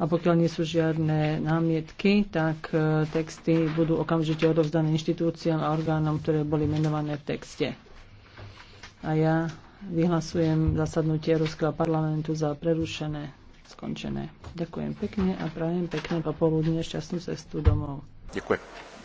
a pokiaľ nie sú žiadne námietky, tak e, texty budú okamžite odovzdané inštitúciám a orgánom, ktoré boli menované v texte. A ja vyhlasujem zasadnutie Ruského parlamentu za prerušené, skončené. Ďakujem pekne a prajem pekne popoludne šťastnú cestu domov. Ďakujem.